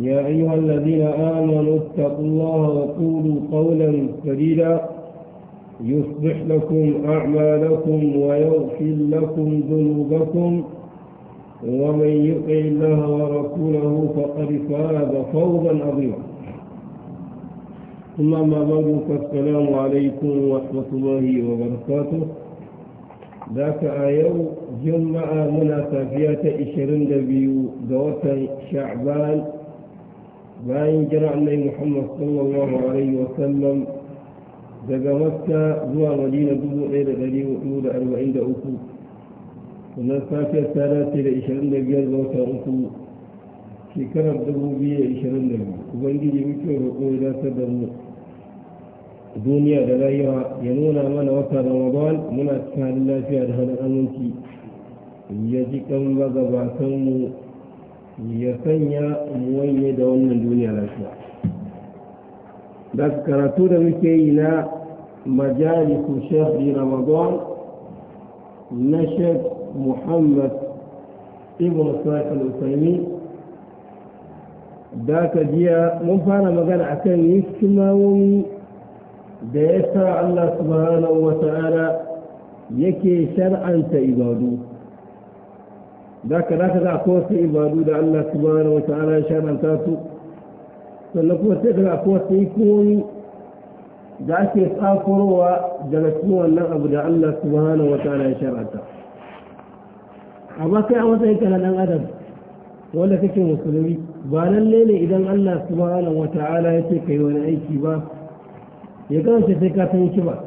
يا أيها الذين آمنوا اتقوا الله وقولوا قولا سديدا يصلح لكم أعمالكم ويغفر لكم ذنوبكم ومن يطع الله ورسوله فقد فاز فوضا عظيما ثم ما بعد فالسلام عليكم ورحمة الله وبركاته ذاك آيو جمع إشرين دبيو دوة شعبان لا ينجر عني محمد صلى الله عليه وسلم دقا مكة زوى مدينة دبو إلى غلي وحول أربعين دقوكو ونا ساكي الثالث إلى إشارين دقيا زوطا أخو في كرب دبو بي إشارين دقيا وبنجي دي بكو رقو إلى سدرنا دنيا دلايا ينونا من وقت رمضان منا تكال الله في أدهان أمنتي يجيكم بغا بعثمو ya sanya wanye da wannan duniya lafiya da karatu da muke yi na majalisu di ramadan na shek muhammad ibn sa'ad al-usaimi da ka jiya mun fara magana a akan hikimawomi da ya sa Allah subhanahu wa ta'ala yake shar'anta ibadu za ka za ka za a kowace ibadu da Allah subhanahu wata ta'ala ya sharanta su sannan kuma sai daga kowace ikoyi da ake tsakurowa daga cikin wannan abu da Allah subhanahu wa ta'ala ya sharanta amma kai a matsayin ka dan adam wanda kake musulmi ba lalle ne idan Allah subhanahu wata ta'ala ya ce ka yi wani aiki ba ya kasance sai ka san shi ba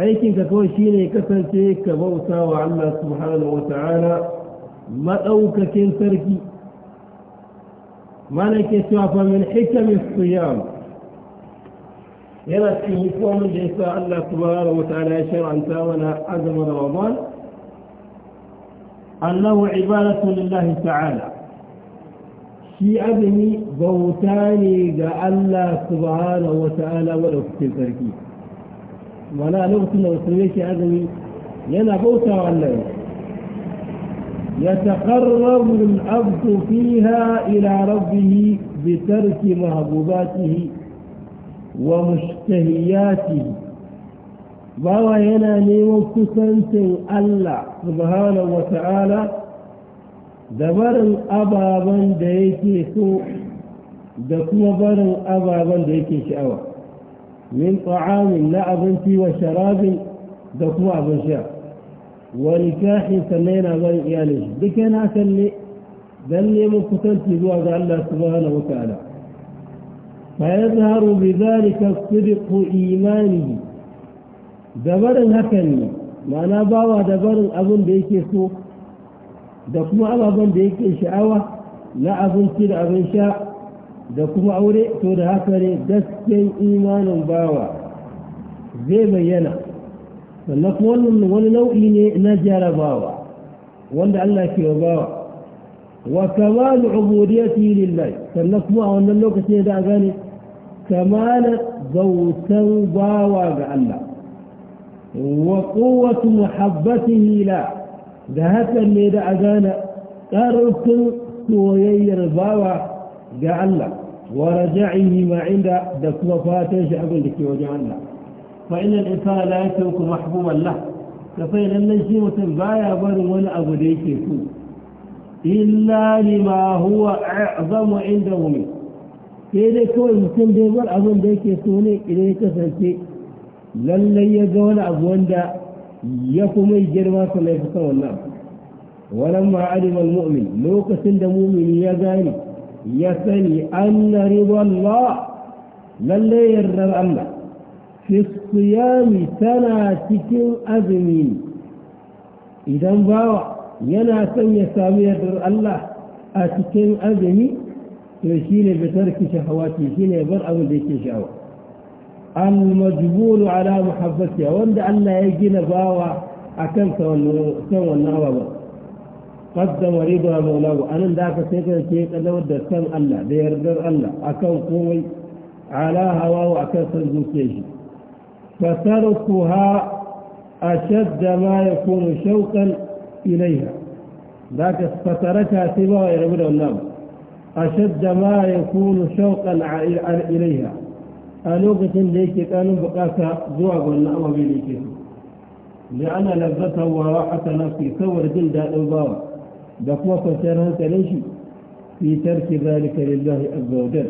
aikin ka kawai shi ne kasance ka bauta wa Allah subhanahu wa ta'ala maɗaukakin sarki mana ke cewa fa min hikamin siyam yana cikin hikimomin da yasa Allah subhanahu wa ta'ala ya shar'anta mana azumin Ramadan annahu ibadatu lillahi ta'ala shi azumi bauta ne ga Allah subhanahu wa ta'ala maɗaukakin sarki mana lokacin da musulmi ke azumi yana bauta wa Allah ya taqarrabu al-abdu fiha ila rabbih bi tarki mahbubatihi wa mushtahiyatihi bawa yana neman kusancin Allah subhanahu wa ta'ala da barin ababen da yake so da kuma barin ababen da yake sha'awa من طعام لا أبنتي وشراب دكوا بشا ونكاح سمينا غير إياليش بكنا سلي ذلي مقتلتي دوا الله سبحانه وتعالى فيظهر بذلك صدق إيمانه دبر هكني ما أنا باوا دبر أبن بيكي سوء دكوا أبن بيكي شعوة لا أبنتي لأبن شاء da kuma aure to da haka ne gaskiyar imanin bawa zai bayyana sannan kuma wannan wani nau'i ne na jarabawa wanda Allah ke wa bawa wa kamalu ubudiyati lillahi sannan kuma a wannan lokacin da gane kamalar bautan bawa ga Allah wa quwwatu muhabbatihi la da haka ne da a gane ƙarfin soyayyar bawa ga Allah ورجعه عند دكوة فاتش أقول لك وجعلنا فإن الإنسان لا يترك محبوبا له فإن النجيمة بايا بر ولا أبو ديك إلا لما هو أعظم عنده منه كيف يكون مسلم دي ور أبو ديك يسوني إليه كسلتي لن يقول أبو أندا يقوم جرما صلى الله عليه وسلم ولما علم المؤمن لو قسند مؤمن يا ذلك يسري أن رضا الله من لا يرضى الله في الصيام سنة تكون أزمين إذا بوا ينا سنة سامية الله أتكون أزمي تشيل بترك شهواتي شيل برأة أو ذيك شهوة المجبول على محبتها وند أن يجينا بوا أكن سوى النعوة بوا قدم رضا مولاه أن ذاك سيكون شيخ الله ودستم الله ليردر الله أكو قوي على هوا وأكسر زوكيه فتركها أشد ما يكون شوقا إليها ذاك فتركها سوى يقول الله أشد ما يكون شوقا إليها أنوقة ليك أنو بقاسة زوغ النعم بليكه لأن لذته وراحة نفسي صور جلد الباب دقوة تانه تليشي في ترك ذلك لله عز وجل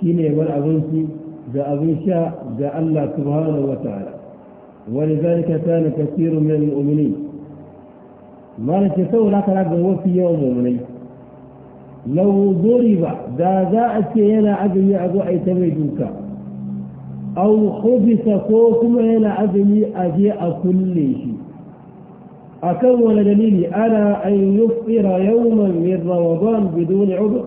كيني والأغنسي ذا أغنشاء ذا الله سبحانه وتعالى ولذلك كان كثير من المؤمنين ما لك يسوي لك لك وفي يوم مني لو ضرب ذا ذا أكينا أدمي أدعي تميدوك أو خبث فوق مين أدمي أدعي كل شيء أكون دليلي على أن يفطر يوما من رمضان بدون عذر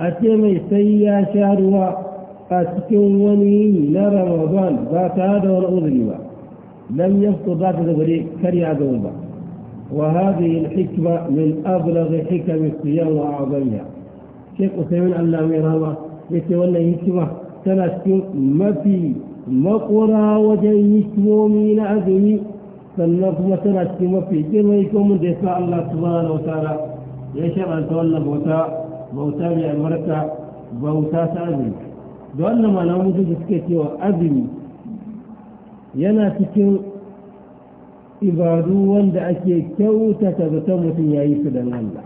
أتمي سيا شهرها أتكوني لرمضان رمضان ذات هذا ولا لم يفطر ذات ذبري كريع ذنبا وهذه الحكمة من أبلغ حكم الصيام وأعظمها شيخ أسامين الله يرحمه يتولى حكمة ثلاث ما في مقرى وجيش مؤمن أذني سنوك وسرت كما في جميعكم دفاع الله سبحانه وتعالى يشعر أن تولى بوتا بوتا بأمرك بوتا سأذن دولنا ما نوجد نعم سكتي وأذن ينا سكين إبادو واند أكي كوتا تبتم في يعيش دن الله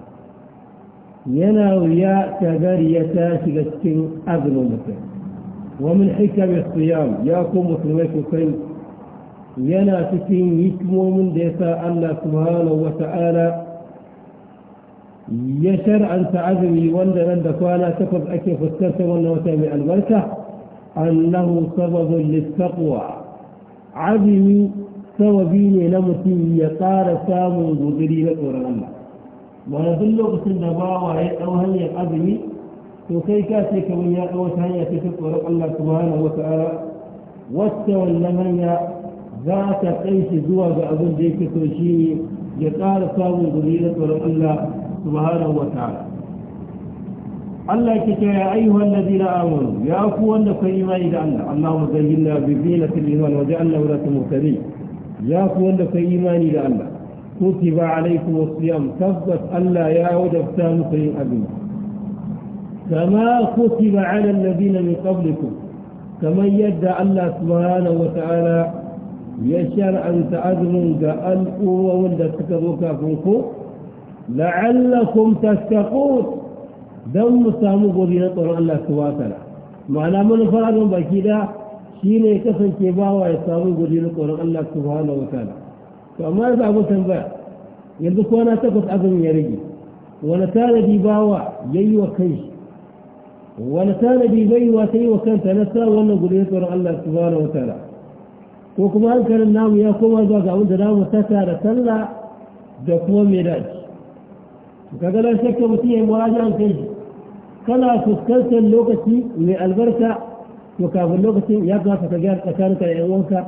ينا ويا تغير يتاش لسكين أذن ومن حكم الصيام يا قوم وصنوك وصنوك yana cikin hikimomin da ya sa Allah subhanahu wa ta'ala ya shar'anta azumi wanda nan da kwana takwas ake fuskanta wannan wata mai albarka annahu sababun littaqwa azumi sababi ne na mutum ya tsara samun guduri na tsoron Allah ba duk lokacin da bawa ya ɗau hanyar azumi to kai ka ce kamar ya ɗau wata hanya ta tsoron Allah subhanahu wa ta'ala wacce wannan hanya ذات قيس دوا بأذن ديك توشي يتار صاوي ضليلة ورب الله سبحانه وتعالى الله كتا يا أيها الذين آمنوا يا أفو أن فإيما إذا الله اللهم زينا بزينة الإيمان وجعلنا ولا تمهتدي يا أفو أن فإيما إذا الله كتب عليكم الصيام تفضت ألا يا عود أفتام فإن أبي كما كتب على الذين من قبلكم كما يدى الله سبحانه وتعالى يشر أنت أذن قألقوا وولدتك ذوكا لعلكم تستقوت دم سامو قبيلة طرع الله سواتنا معنى من فرد بكذا شين يكسن كباوة يسامو قبيلة طرع الله سبحانه وتعالى فما يزع بسن با يلدك وانا تقص أذن يريجي وانا تالدي باوة يي وكيش وانا تالدي بي وتي وكنت نسا وانا قبيلة طرع الله سبحانه وتعالى ko kuma hankalin namu ya koma zuwa ga abin da namu saka da sallah da kuma miraj kaga nan shakka mutum ya yi murajan kai shi kana fuskantar lokaci mai albarka to kafin lokacin ya kamata ka gyara tsakaninka da yan uwanka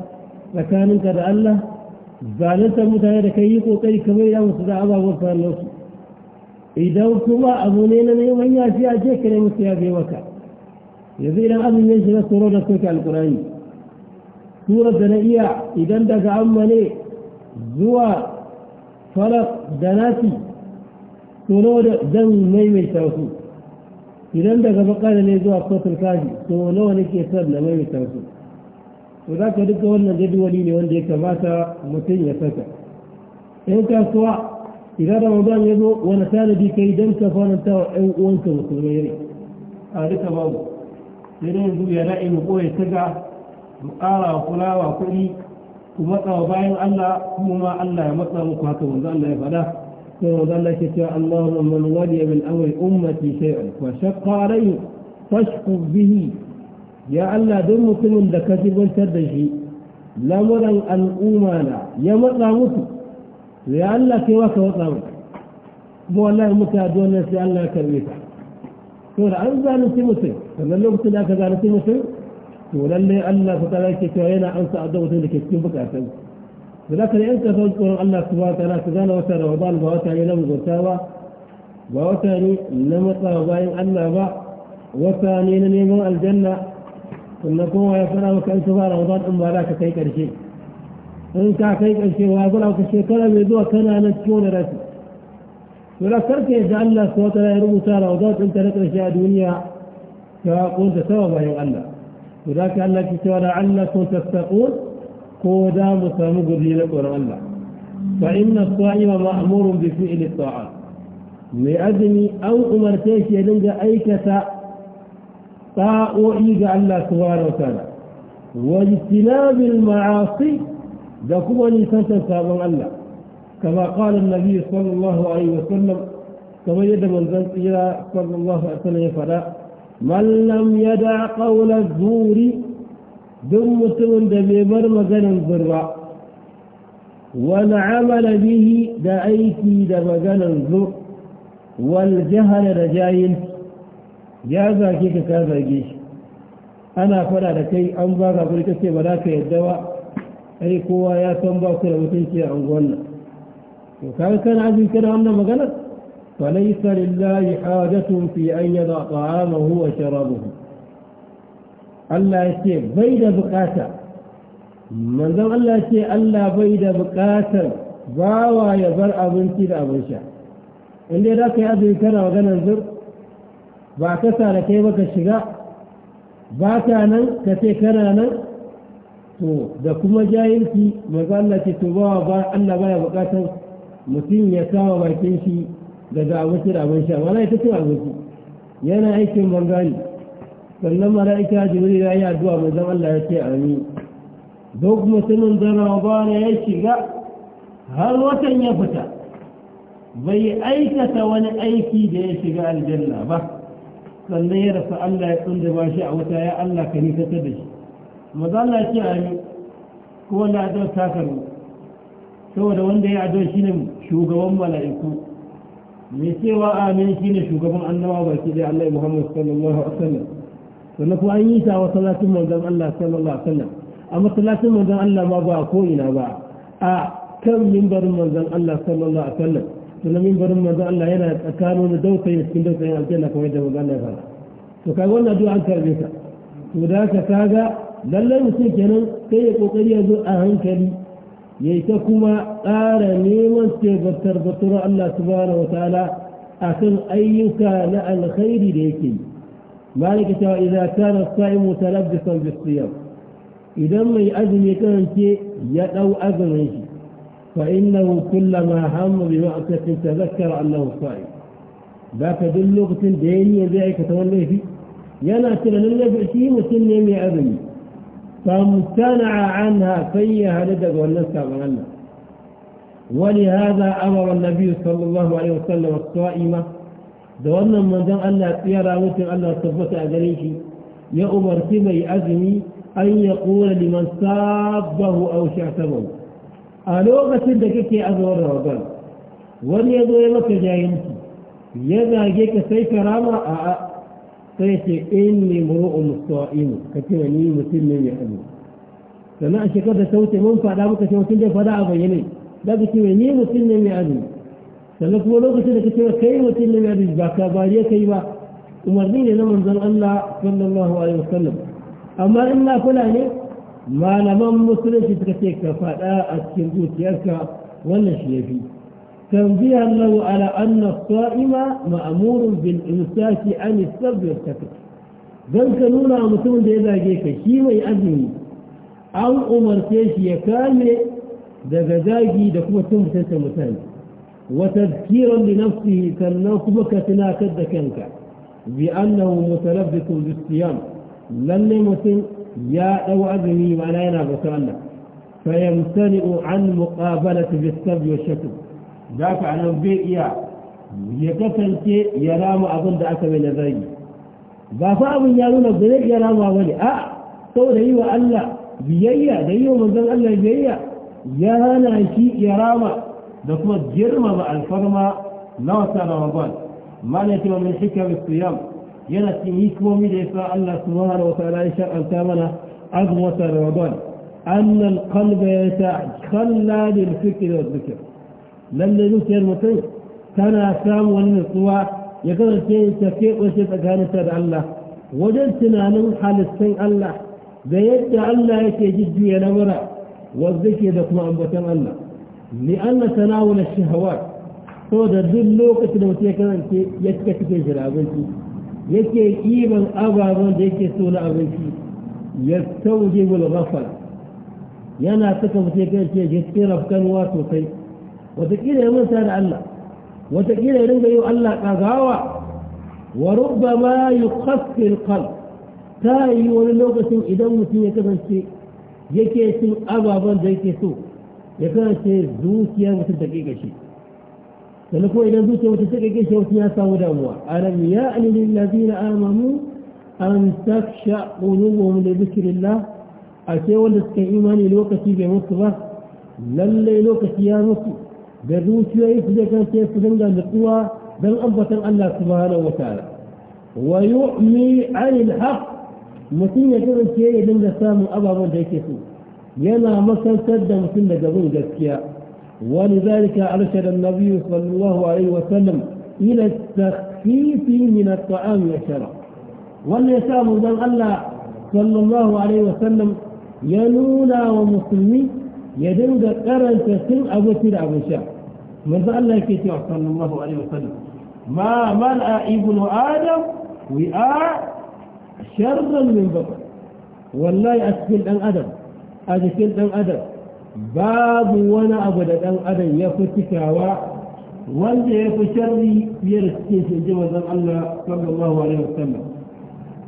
tsakaninka da Allah zalunta mutane da kai yi kokari kamar ya musu da ababen faruwar su idan kuma abu ne na neman yafiya je ka nemi su yafe maka yanzu idan abin ya shiga tsoro da soke alkurani sura da na iya idan daga amma ne zuwa falak da nasi tono da zan maimaita su idan daga bakara ne zuwa kotun kashi to nawa ke son na maimaita su to za ka duka wannan jadawali ne wanda ya kamata mutum ya saka in kasuwa idan ramadan ya zo wani tanadi kai don ka faranta wa ɗan uwanka musulmai ne a duka babu sai dai yanzu ya ra'ayi mu koya ta ku ƙara wa kulawa kuɗi ku matsa wa bayan Allah kuma ma Allah ya matsa muku haka manzo Allah ya faɗa sai manzo Allah ke cewa Allahumma man waliya min amri ummati shay'an wa shaqqa alayhi fashqu bihi ya Allah duk mutumin da ka jibantar da shi lamuran al'umma na ya matsa musu ya Allah kai waka matsa musu kuma wallahi muka dole sai Allah ya karbe ka to da an zalunci mutum sannan lokacin da aka zalunci mutum to lalle Allah fa ta ke cewa yana an sa addu'a da ke cikin bukatun da zaka ne an kafa tsoron Allah subhanahu wataala ta gane wata Ramadan ba wata ne na mugunta ba ba wata ne na matsa bayan Allah ba wata ne na neman aljanna sannan kuma ya fara maka an ba Ramadan din ba za ka kai karshe in ka kai karshe wa gura ka shekara mai zuwa kana nan cikin da rasu ولا كرك يجعل الله سبحانه وتعالى يربط على وضعت انت لك اشياء دنيا فقلت سوى ما وذاك الله كتوى لعلكم تتقون قودا مسامق لي لكم الله فإن الصائم مأمور بفعل الطاعات لأذني أو أمرتيش يدنج أيكة طاعوئي الله سبحانه وتعالى واجتناب المعاصي دكما نسان سابن الله كما قال النبي صلى الله عليه وسلم كما يد من ذنب صلى الله عليه وسلم فلا من لم يدع قول الزور دم متون دبيبر مغنى البر والعمل به دا أيكي دا والجهل رجايل يا ذاكيك كذا جيش أنا فلا لكي أنظر أقول كسي ولاك يدوى ai kowa ya san ba ku da mutunci a unguwan nan to kaga kana azumi فليس لله حاجة في أن يضع طعامه وشرابه الله يشيء بيد بقاسا من ذو الله يشيء الله بيد بقاسا باوى يبرع من تيد أبوشا إن لي راكي أبي كرا وغنى الزر باكسا لكي الشجاع. الشقاء أنا كتي كرانا تو دكما جايل في مقالة تباوى الله بيد بقاسا مسين ما يمشي. daga abinci da abin sha mana ita ce abinci yana aikin bangani sannan mala'ika wuri ya yi addu'a mai zama Allah ya ce ami duk mutumin da ramadana ya shiga har watan ya fita bai aikata wani aiki da ya shiga aljanna ba sannan ya rasa Allah ya tsunde ba shi a wuta ya Allah ka nisatar da shi maza Allah ya ce amin ko wanda addu'a ta saboda wanda ya shi ne shugaban mala'iku mai cewa amin shi ne shugaban annawa baki da Allah Muhammad sallallahu alaihi wasallam sannan kuma an yi ta a masallacin manzon Allah sallallahu alaihi wasallam a masallacin manzon Allah ma ba ko ina ba a kan mimbarin manzon Allah sallallahu alaihi wasallam sannan mimbarin manzon Allah yana tsakanin dausayin cikin dausayin aljanna kamar da manzon Allah ya to kaga wannan addu'a an karbe ta to da ka kaga lallai mutum kenan sai ya kokari ya zo a hankali ya ta kuma ƙara neman tebatar baturan Allah subhanahu wa ta'ala a kan ayyuka na alkhairi da yake yi malika cewa idan kana sa'imu talabbisan bisiyam idan mai azumi karance ya ɗau azumin shi fa innahu kullama hamma bi ma'akatin tazakkara annahu sa'im ba ka duk lokacin da ya niyyar zai aikata wani laifi yana tunanin laifi shi mutum ne mai azumi فمستنع عنها فيها لدد والنسى مهلا ولهذا أمر النبي صلى الله عليه وسلم الصائمة دوانا من دم ألا يرى مثل ألا تثبت أدريك يا أمر سمي أزمي أن يقول لمن صابه أو شعتبه ألو لك يا أزور رمضان wani يمك zo ya maka jayinci ya zage sai ce inni muru'un musta'imu ka ce ni mutum ne mai azumi sannan a shekarar da ta wuce mun faɗa muka ce mutum zai faɗa a bayyane za ka ce ni mutum ne mai azumi sannan kuma lokacin da ka ce kai mutum ne mai azumi ba ka bariya kai ba umarni ne na manzon Allah sallallahu alaihi wasallam amma in na kula ne malaman musulunci suka ce ka faɗa a cikin zuciyarka wannan shi ya fi تنبيها له على أن الصائم مأمور بالإمساك عن السبب والكفر بل كنونا مسلم بإذا جيك شيء ويأذني أو أمر كيش يكامل ذا غزاجي دكوة تنبت أنت مثال وتذكيرا لنفسه كالنصبك تناكد كنك بأنه متلبس بالصيام لن يمثل يا أو أذني ولا ينابك أنك فيمتنئ عن مقابلة بالسبب والشتم za ka anan bai iya ya kasance ya rama abin da aka mai na zagi ba fa abin ya nuna ba zai iya rama ba ne a saboda yi wa Allah biyayya da yi wa manzon Allah biyayya ya hana shi ya rama da kuma girmama alfarma na wata ramadan mana ce wa min hikam siyam yana cikin hikimomi da yasa Allah subhanahu wa ta'ala ya shar'anta mana azumin wata ramadan أن القلب يتخلى للفكر والذكر لن ينكر مطيع كان أسلام ولم يقوى يقول الشيء التكيء وشيء فكان سبع الله وجدتنا نوحى للسيء الله بيد الله يتجد بي الأمر والذكي دقم أبو تم الله لأن تناول الشهوات فوضى ذل لوقة نوتيك أنت يتكت كجر أبنتي يتكي إيبا أبا أبن ديكي سولة أبنتي يتوجب الغفل ينا تكت كجر أبنتي يتكي ربكا نواتو طيب وتكيل يوم سال الله وتكيل يوم يو الله قضاوة وربما يقص القلب تاي ولنوغة إذا مسيح يكبر شيء يكيسو أبابا زيكيسو يكبر شيء زوسيا وتتكيك شيء فلكو إذا زوسيا وتتكيك شيء وسيا صورة ألم يأل للذين آمنوا أن تخشى قلوبهم لذكر الله أشياء ولسك إيماني لوكتي بمصر للي لوكتي يا مصر بروسيا إذا كان سيستخدم القوى بل أنبت الله سبحانه وتعالى ويؤمي عن الحق متين يقول الشيء من السام أبا من ذيك يسوع ينا مثل سد مثلا جبون جسكيا ولذلك أرشد النبي صلى الله عليه وسلم إلى التخفيف من الطعام والشراب ولي سام ذا الله صلى الله عليه وسلم ينونا ومسلمين يدود قرن تسل أبو سير أبو شاب من ذا الله يكي صلى الله عليه وسلم ما ملأ ابن آدم وعاء شرا من بطن والله أسفل أن أدم أسفل أن أدم باب وانا أبدا أن أدم يفتكاوا وانت يفتشري يرسكيش الجمع الله صلى الله عليه وسلم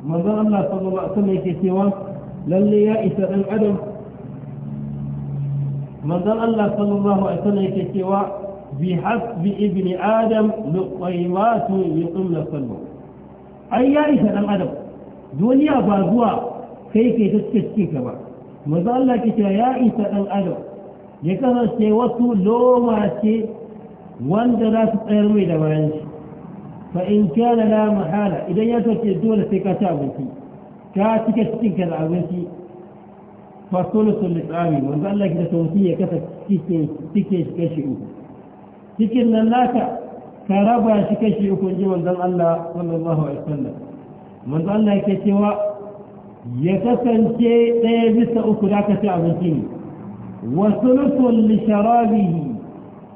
من ذا الله صلى الله عليه وسلم يكي سواه lalle ya isa ɗan adam الله صلى الله عليه وسلم yake cewa بحسب ابن آدم لقيمات يقمن صلبه أي يا إيسا دم أدم دنيا بازوا كيف كي تسكتي كما ماذا الله كتا يا إيسا دم أدم يكذا سيوتو لوما سي وانت لا تتأروي دوانش فإن كان لا محالة إذا يتوك الدولة في كتابتي كاتك تتنك العبنتي فثلث الإطعام ماذا الله كتا توتي يكفت تكيش كشئوه cikin nan naka ka raba shi kashi uku ji manzon Allah sallallahu alaihi wasallam manzon Allah yake cewa ya kasance ɗaya bisa uku da ka ci abinci ne wa sulusun li sharabihi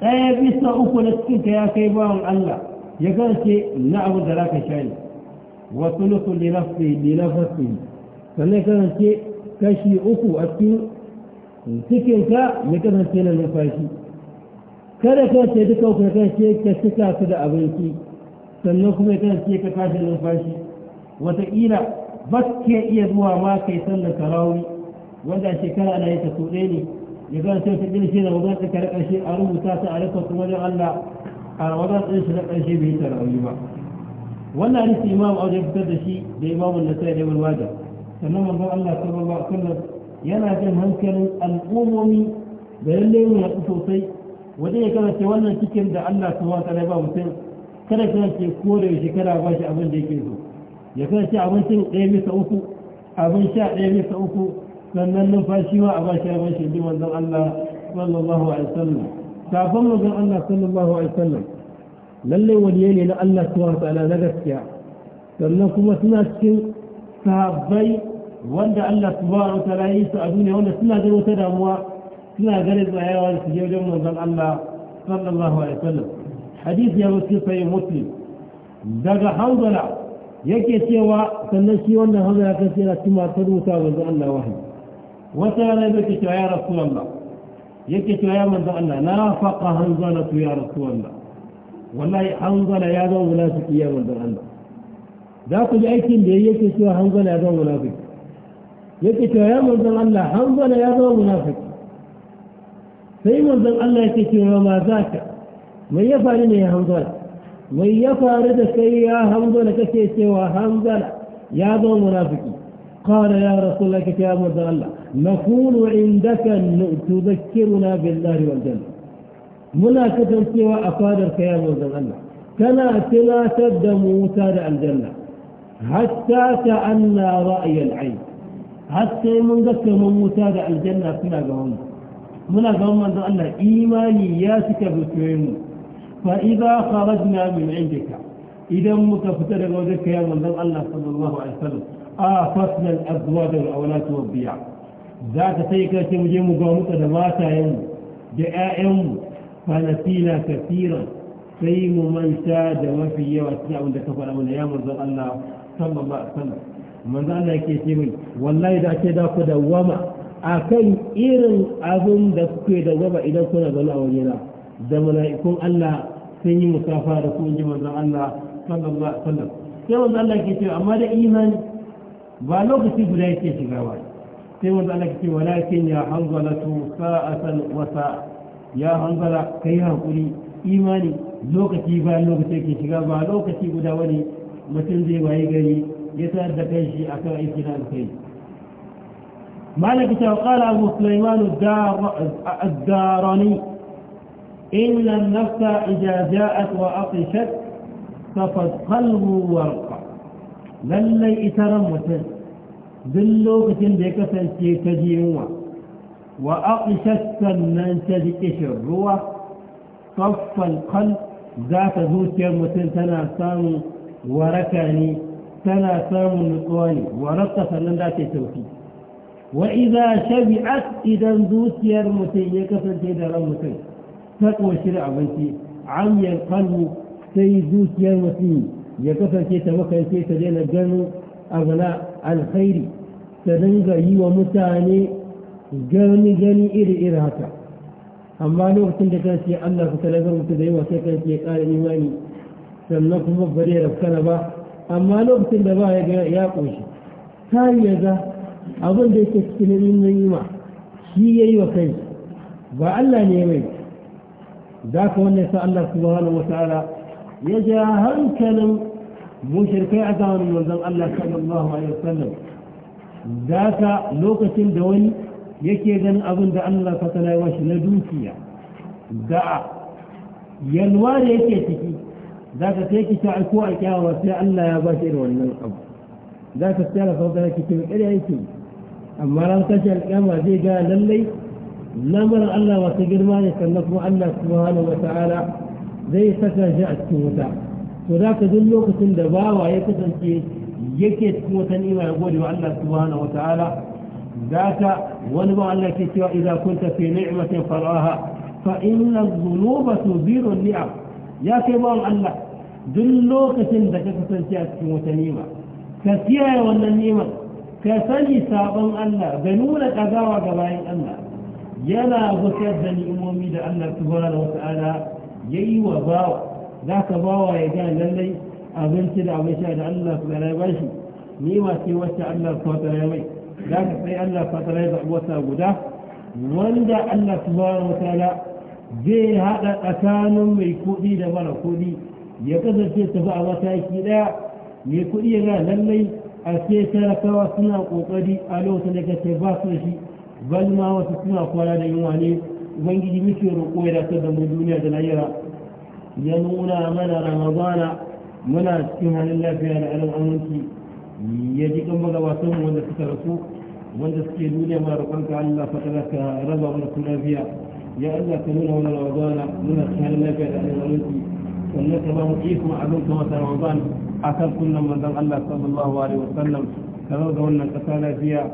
ɗaya bisa uku na cikin ka ya kai bawan Allah ya kasance na abu da za ka sha ne wa sulusun li nafsi li nafsi sannan kasance kashi uku a cikin cikin ka ya kasance na numfashi kada ka ce duka ka kasance ka cika su da abinci sannan kuma ya kasance ka tashi numfashi wataƙila ba ke iya zuwa ma kai sallar karawi wanda a shekara ana yi ta kuɗe ne ya kasance wata ƙirshe da wajen tsaka da ƙarshe a rubuta ta a rika kuma wajen allah a wajen tsayin shi na ƙarshe bai yi tarawih ba wannan hadisi imam aure fitar da shi da imamun nasai da ibn majah sannan manzon allah sallallahu alaihi wasallam yana jin hankalin al'ummomi da lallai mu yaɗu sosai wajen ya karanta wannan cikin da Allah su wata na ba mutum kada ce kore shekara ba shi abin da yake so ya karanta abincin ɗaya bisa uku abin sha ɗaya bisa uku sannan numfashi ma a ba shi abin shi liman wanzan Allah sallallahu alaihi wasallam sabon mazan Allah sallallahu alaihi wasallam lallai waliyai ne na Allah su wata na gaskiya sannan kuma suna cikin sahabbai wanda Allah subhanahu wa ta'ala yi su a duniya wanda suna jin wata damuwa سنا ذلك أيها والسجير يوم نزل الله صلى الله عليه وسلم حديث يغسل في مسلم ذاك حوضنا يكي سيوا سنشي وانا هم يكسير اتما تدوسا وزا الله وحيد وسأل ابنك يا رسول الله يكي سيوا يا من ذا الله نافق هنزلة يا رسول الله والله حنظل يا ذا منافق يا من ذا الله ذاك الأيكين دي يكي سيوا حنظل يا ذا منافق يكي سيوا يا من ذا الله حنظل يا ذا منافق sai manzon Allah yake cewa ma zaka mai ya faru ne ya hanzala mai ya faru da sai ya hanzala kake cewa hanzala ya zo munafiki ya يا رسول الله يا مرضى الله نكون عندك تذكرنا بالنار والجنة muna cewa a fadar ka ya manzon Allah kana tilatar da mu wuta da aljanna hatta ta anna ra'ayi al'ayn har sai mun ga kaman wuta da aljanna suna ga wannan muna ga manzo Allah imani ya suka cika mu fa idza kharajna min indika idan muka fita daga wajenka ya manzo Allah sallallahu alaihi wasallam afasna al-azwaj wal awlad wa biya za ka sai ka ce mu je mu ga muka da matayen da mu fa nasila kaseeran sai mu manta da mafi yawa cikin abin da ka faɗa mana ya manzo Allah sallallahu alaihi wasallam manzo Allah yake ce min wallahi da ake da ku da wama a kan irin abin da kuke da gaba idan kuna zaune a wajena da mala'ikun Allah sun yi musafa da kuma ji manzon Allah sallallahu alaihi wasallam sai manzon Allah ke cewa amma da imani ba lokaci guda yake shiga ba sai manzon Allah ke cewa walakin ya hanzalatu sa'atan wa sa'a ya hanzala kai hakuri imani lokaci bayan lokaci yake shiga ba lokaci guda wani mutum zai waye gari ya tsayar da kanshi akan aiki na alkhairi مالك وقال أبو سليمان الدار الداراني إن النفس إذا جاءت وأطشت فقد قلب ورقة للي إترمت ذلو كتن ديك سنتي تجيوا وأطشت سنن تجيش الروح صف القلب ذات ذوتي المتن تنا سام وركاني تنا سام نطواني ورقة سنن لا توفيق وإذا شبعت إذا ذوتي المتين يكفن تيدا المتين تقوى شرع بنتي عمي القلب سي ذوتي المتين يكفن تيتا مكان تيتا دينا جنو أغلاء الخير تدنغ يو متاني جاني جاني إلي إرهاتا هكا أما لوقت لك سي الله فتلقى متدين وسيكا سي قال إيماني سنقوم بريرا بكنا با أما لوقت لك يا قوشي ثانية abin da yake cikin ilimin yi ma shi ya yi wa kai ba Allah ne mai za ka wannan sa Allah subhanahu wa ta'ala ya ja hankalin mushirkai a zamanin manzon Allah sallallahu alaihi wasallam za ka lokacin da wani yake ganin abin da Allah ka tana yawa shi na dukiya da yalwa da yake ciki za ka sai ki ta aiko a kyawawa sai Allah ya ba shi irin wannan abu za ka tsara sauƙa da kike ƙarya yake amma ran tashi alƙama zai ga lallai lamarin Allah wata girma ne sannan kuma Allah subhanahu wata'ala zai saka shi a cikin wuta to za ka duk lokacin da bawa ya kasance yake cikin wata ni'ima ya gode wa Allah subhanahu wata'ala za ka wani ba Allah ke cewa idza kunta fi ni'matin faraha fa inna dhunuba tudhiru ni'am ya kai bawan Allah duk lokacin da ka kasance a cikin wata ni'ima ka kiyaye wannan ni'imar كفني سابا أنا بنولا كذا وقبائن أنا يلا غسيت بني أمومي دا أنا تبارا وتعالى ييوا باو ذاك باو يجان للي أبن كده أبن شاهد الله فلا يباشي ميوا سيوش الله فاتر يمي ذاك سي الله فاتر يضع وسابو دا واندا الله تبارا وتعالى جي هذا أسان من كودي دا مرا كودي يقدر تبع وتعالى يكودي يلا للي a ce talakawa suna kokari a lokacin da kace ba su shi bal ma wasu suna kwana da yunwa ne ubangiji muke roƙo ya dace da mu duniya da lahira ya nuna mana ramadana muna cikin halin lafiya da halin aminci ya ji kan magabatanmu wanda suka rasu wanda suke duniya mara roƙonka Allah fa ka raba mana su lafiya ya Allah ka nuna mana ramadana muna cikin halin lafiya da halin aminci sannan ka ba mu iko abin kamata ramadana أكل كل من Allah الله صلى الله عليه وسلم da wannan قتال فيها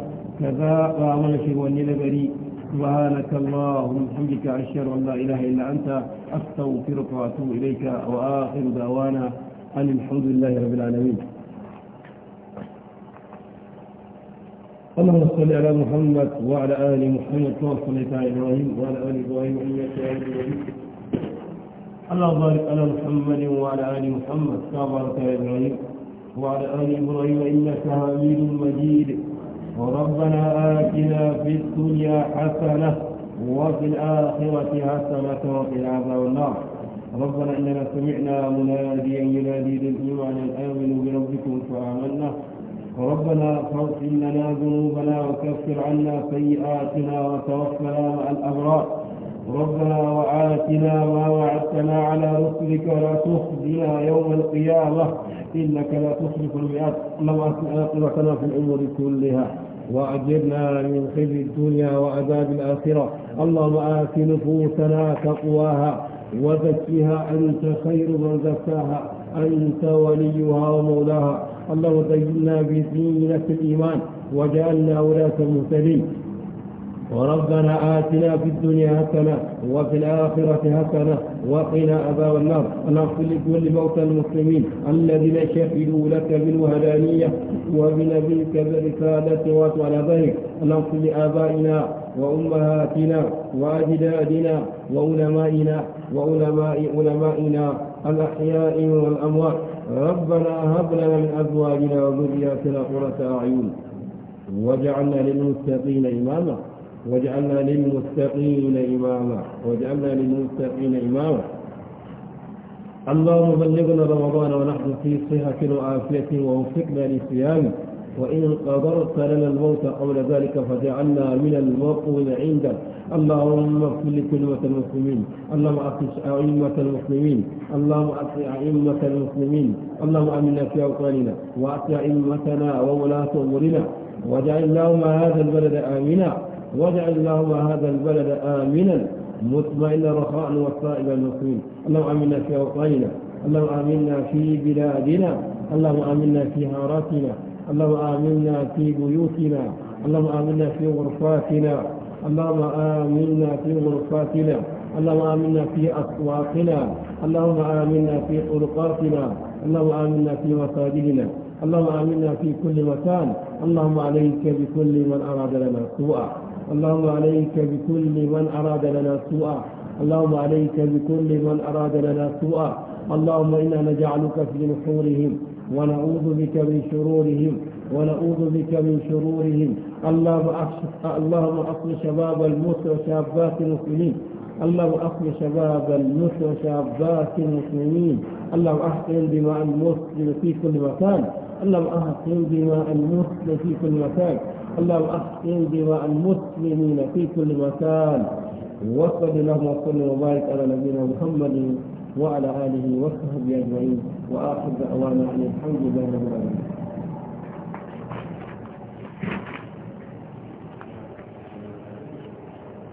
كذا zaɓa mana shugabanni na سبحانك اللهم وبحمدك أشهد أن لا إله إلا أنت أستغفرك وأتوب إليك وآخر دعوانا أن الحمد لله رب العالمين اللهم صل على محمد وعلى آل محمد كما صليت إبراهيم وعلى آل إبراهيم إنك حميد مجيد الله بارك على محمد وعلى آل محمد كما بارك على إبراهيم وعلى آل إبراهيم إنك حميد مجيد وربنا آتنا في الدنيا حسنة وفي الآخرة حسنة وفي العذاب النار ربنا إننا سمعنا مناديا ينادي للإيمان أن آمنوا بربكم فآمنا ربنا فاغفر لنا ذنوبنا وكفر عنا سيئاتنا وتوفنا مع الأبرار ربنا وآتنا ما وعدتنا على رسلك ولا تخزنا يوم القيامة إنك لا تخلف المئات لو أخلفنا في الأمور كلها وأجرنا من خزي الدنيا وعذاب الآخرة اللهم آت نفوسنا تقواها وزكها أنت خير من زكاها أنت وليها ومولاها اللهم زينا بزينة الإيمان وجعلنا ولاة المهتدين وربنا آتنا في الدنيا حسنة وفي الآخرة حسنة وقنا عذاب النار أغفر لكل موتى المسلمين الذين شهدوا لك بالوهدانية وبنبيك برسالة وعلى ذلك أغفر لآبائنا وأمهاتنا وأجدادنا وعلمائنا وعلماء علمائنا الأحياء والأموات ربنا هب لنا من أزواجنا وذرياتنا قرة أعين واجعلنا للمتقين إماما واجعلنا للمتقين إماما واجعلنا للمتقين إماما اللهم بلغنا رمضان ونحن في صحة وعافية ووفقنا لصيامه وإن قدرت لنا الموت قبل ذلك فجعلنا من الموقون عندك اللهم اغفر لكلمة المسلمين اللهم أخش أئمة المسلمين اللهم أخش أئمة المسلمين اللهم أمنا في أوطاننا وأخش أئمتنا وولاة أمورنا واجعل اللهم هذا البلد آمنا واجعل اللهم هذا البلد آمنا مطمئنا رخاء وسائل المسلمين اللهم آمنا في أوطاننا اللهم آمنا في بلادنا اللهم آمنا في هاراتنا اللهم آمنا في بيوتنا اللهم آمنا في غرفاتنا اللهم آمنا في غرفاتنا اللهم آمنا في أسواقنا اللهم آمنا في طرقاتنا اللهم آمنا في مساجدنا اللهم آمنا في كل مكان اللهم عليك بكل من أراد لنا سوءا اللهم عليك بكل من أراد لنا سوءا اللهم عليك بكل من أراد لنا سوءا اللهم إنا نجعلك في نحورهم ونعوذ بك من شرورهم ونعوذ بك من شرورهم اللهم اللهم أصل شباب المسلمين وشابات المسلمين اللهم أصل شباب المسلمين وشابات المسلمين اللهم أحسن دماء المسلم في كل مكان اللهم أحسن دماء المسلم في كل مكان اللهم أحسن دماء المسلمين في كل مكان وصل اللهم وصل وبارك على نبينا محمد وعلى آله وصحبه أجمعين وآخر دعوانا أن الحمد لله رب العالمين